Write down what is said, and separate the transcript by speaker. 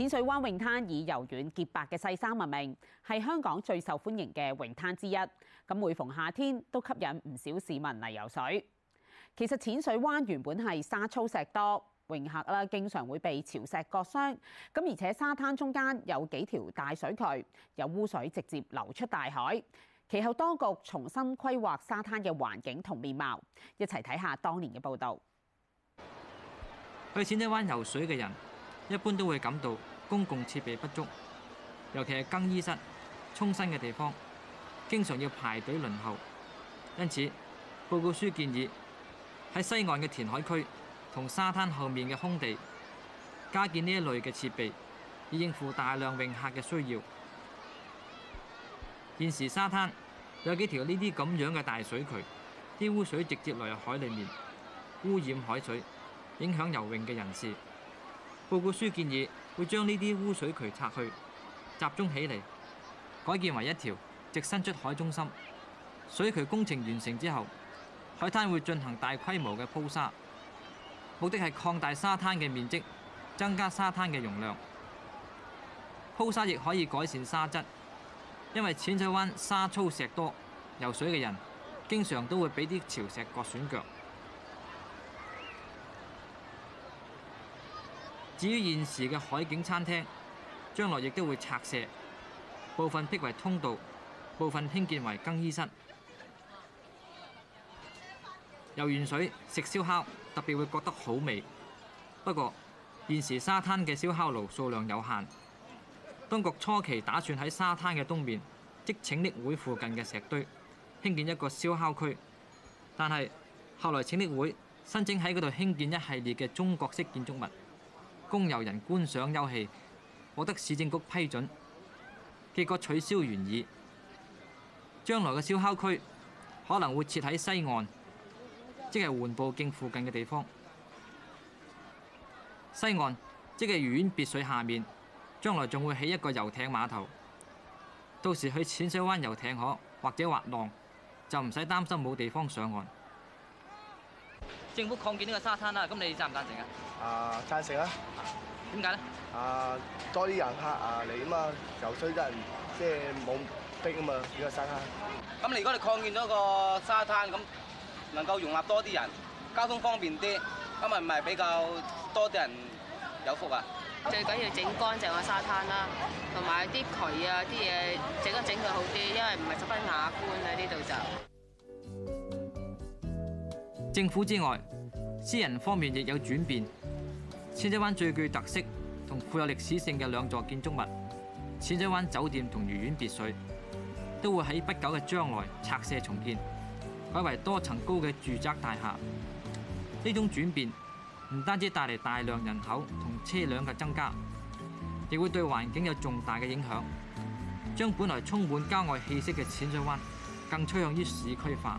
Speaker 1: 淺水灣泳灘以柔軟潔白嘅細沙聞名，係香港最受歡迎嘅泳灘之一。咁每逢夏天都吸引唔少市民嚟游水。其實淺水灣原本係沙粗石多，泳客啦經常會被潮石割傷。咁而且沙灘中間有幾條大水渠，有污水直接流出大海。其後當局重新規劃沙灘嘅環境同面貌。一齊睇下當年嘅報導。
Speaker 2: 去淺水灣游水嘅人，一般都會感到公共設備不足，尤其係更衣室、沖身嘅地方，經常要排隊輪候。因此，報告書建議喺西岸嘅填海區同沙灘後面嘅空地，加建呢一類嘅設備，以應付大量泳客嘅需要。現時沙灘有幾條呢啲咁樣嘅大水渠，啲污水直接流入海裡面，污染海水，影響游泳嘅人士。報告書建議會將呢啲污水渠拆去，集中起嚟，改建為一條直伸出海中心。水渠工程完成之後，海灘會進行大規模嘅鋪沙，目的係擴大沙灘嘅面積，增加沙灘嘅容量。鋪沙亦可以改善沙質，因為淺水灣沙粗石多，游水嘅人經常都會俾啲潮石割損腳。至於現時嘅海景餐廳，將來亦都會拆卸，部分闢為通道，部分興建為更衣室。遊完水食燒烤，特別會覺得好味。不過現時沙灘嘅燒烤爐數量有限，當局初期打算喺沙灘嘅東面，即拯溺會附近嘅石堆興建一個燒烤區，但係後來拯溺會申請喺嗰度興建一系列嘅中國式建築物。供遊人觀賞休憩，獲得市政局批准，結果取消原議。將來嘅燒烤區可能會設喺西岸，即係緩步徑附近嘅地方。西岸即係漁苑別墅下面，將來仲會起一個遊艇碼頭。到時去淺水灣遊艇河或者滑浪，就唔使擔心冇地方上岸。政府擴建呢個沙灘啦，咁你贊唔贊成啊？啊贊成啊！點解咧？啊多啲人客啊嚟啊嘛，游水得人即係冇逼啊嘛，呢個沙灘。咁你如果你擴建咗個沙灘，咁能夠容納多啲人，交通方便啲，咁咪唔係比較多啲人有福啊？
Speaker 1: 最緊要整乾淨個沙灘啦，同埋啲渠啊啲嘢整啊整佢好啲，因為唔係十分雅觀啊呢度就。
Speaker 2: 政府之外，私人方面亦有轉變。淺水灣最具特色同富有歷史性嘅兩座建築物——淺水灣酒店同漁苑別墅，都會喺不久嘅將來拆卸重建，改為多層高嘅住宅大廈。呢種轉變唔單止帶嚟大量人口同車輛嘅增加，亦會對環境有重大嘅影響，將本來充滿郊外氣息嘅淺水灣更趨向於市區化。